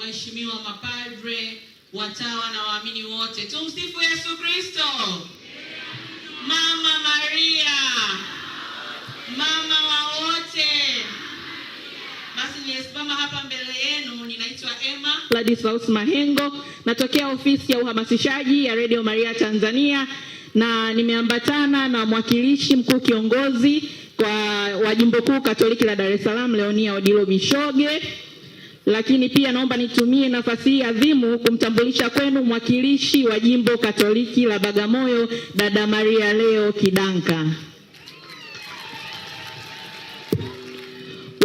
waheshimiwa mapadre, watawa na waamini wote. Tumsifu Yesu Kristo. Mama Maria, mama wa wote. Basi nimesimama hapa mbele yenu, ninaitwa Emma Ladislaus Mahengo, natokea ofisi ya uhamasishaji ya Radio Maria Tanzania na nimeambatana na mwakilishi mkuu kiongozi kwa wa Jimbo Kuu Katoliki la Dar es Salaam Leonia Odilo Mishoge. Lakini pia naomba nitumie nafasi hii adhimu kumtambulisha kwenu mwakilishi wa jimbo Katoliki la Bagamoyo, dada Maria Leo Kidanka.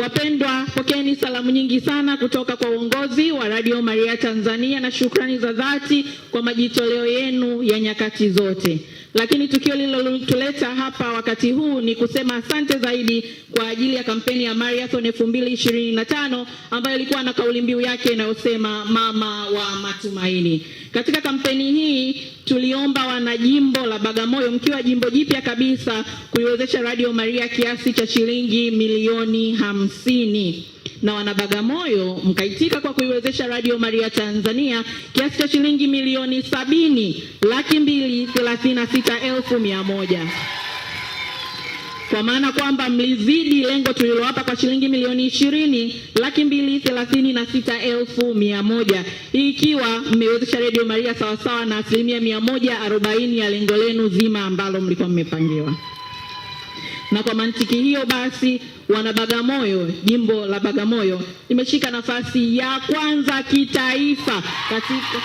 Wapendwa, pokeeni salamu nyingi sana kutoka kwa uongozi wa Radio Maria Tanzania na shukrani za dhati kwa majitoleo yenu ya nyakati zote. Lakini tukio lililotuleta hapa wakati huu ni kusema asante zaidi kwa ajili ya kampeni ya Mariathon 2025 ambayo ilikuwa na kauli mbiu yake inayosema mama wa matumaini. Katika kampeni hii tuliomba wanajimbo la Bagamoyo, mkiwa jimbo jipya kabisa, kuiwezesha Radio Maria kiasi cha shilingi milioni hamsini hamsini na wanabagamoyo mkaitika kwa kuiwezesha Radio Maria Tanzania kiasi cha shilingi milioni sabini laki mbili thelathini na sita elfu mia moja kwa maana kwamba mlizidi lengo tulilowapa kwa shilingi milioni ishirini laki mbili thelathini na sita elfu mia moja hii ikiwa mmewezesha Radio Maria sawasawa na asilimia mia moja arobaini ya lengo lenu zima ambalo mlikuwa mmepangiwa na kwa mantiki hiyo basi, wana Bagamoyo, jimbo la Bagamoyo limeshika nafasi ya kwanza kitaifa katika,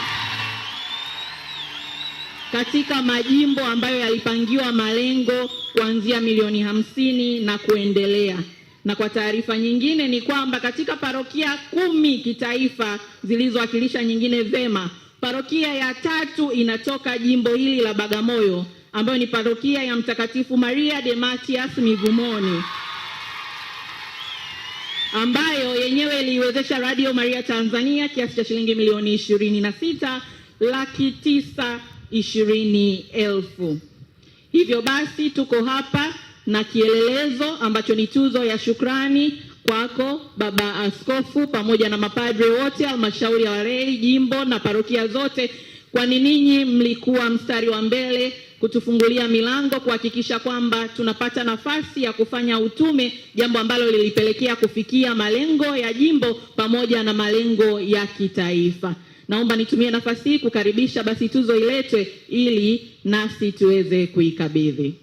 katika majimbo ambayo yalipangiwa malengo kuanzia milioni hamsini na kuendelea na kwa taarifa nyingine ni kwamba katika parokia kumi kitaifa zilizowakilisha nyingine vema, parokia ya tatu inatoka jimbo hili la Bagamoyo ambayo ni parokia ya Mtakatifu Maria de Matias Migumoni ambayo yenyewe iliiwezesha Radio Maria Tanzania kiasi cha shilingi milioni ishirini na sita laki tisa ishirini elfu. Hivyo basi tuko hapa na kielelezo ambacho ni tuzo ya shukrani kwako Baba Askofu, pamoja na mapadre wote, halmashauri ya walei, jimbo na parokia zote, kwani ninyi mlikuwa mstari wa mbele kutufungulia milango kuhakikisha kwamba tunapata nafasi ya kufanya utume, jambo ambalo lilipelekea kufikia malengo ya jimbo pamoja na malengo ya kitaifa. Naomba nitumie nafasi hii kukaribisha basi tuzo iletwe ili nasi tuweze kuikabidhi.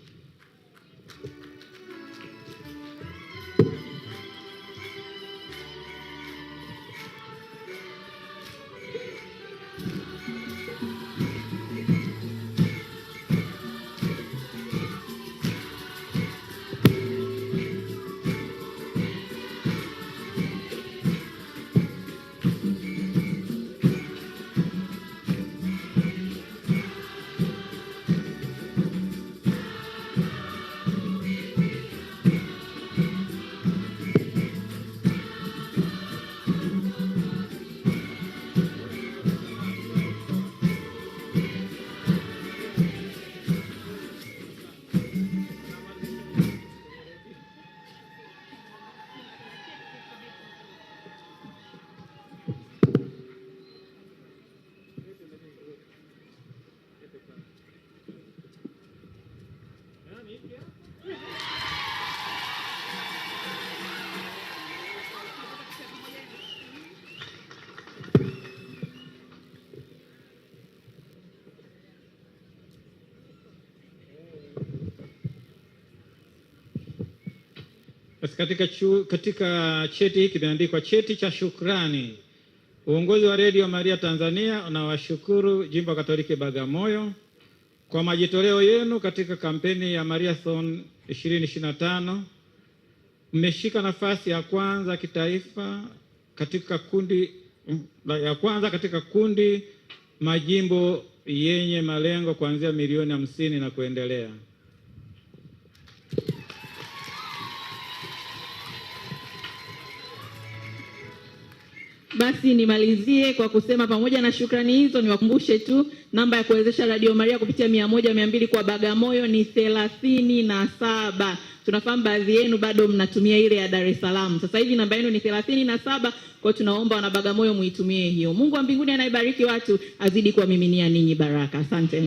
Katika, chu, katika cheti hiki kimeandikwa cheti cha shukrani. Uongozi wa Redio Maria Tanzania unawashukuru Jimbo Katoliki Bagamoyo kwa majitoleo yenu katika kampeni ya Mariathon 2025. Mmeshika nafasi ya kwanza kitaifa katika kundi ya kwanza katika kundi majimbo yenye malengo kuanzia milioni hamsini na kuendelea. Basi nimalizie kwa kusema pamoja na shukrani hizo, niwakumbushe tu namba ya kuwezesha Radio Maria kupitia mia moja mia mbili kwa Bagamoyo ni thelathini na saba. Tunafahamu baadhi yenu bado mnatumia ile ya Dar es Salaam. Sasa hivi namba yenu ni thelathini na saba, kwa tunaomba wana Bagamoyo muitumie hiyo. Mungu wa mbinguni anayebariki watu azidi kuwamiminia ninyi baraka. Asante.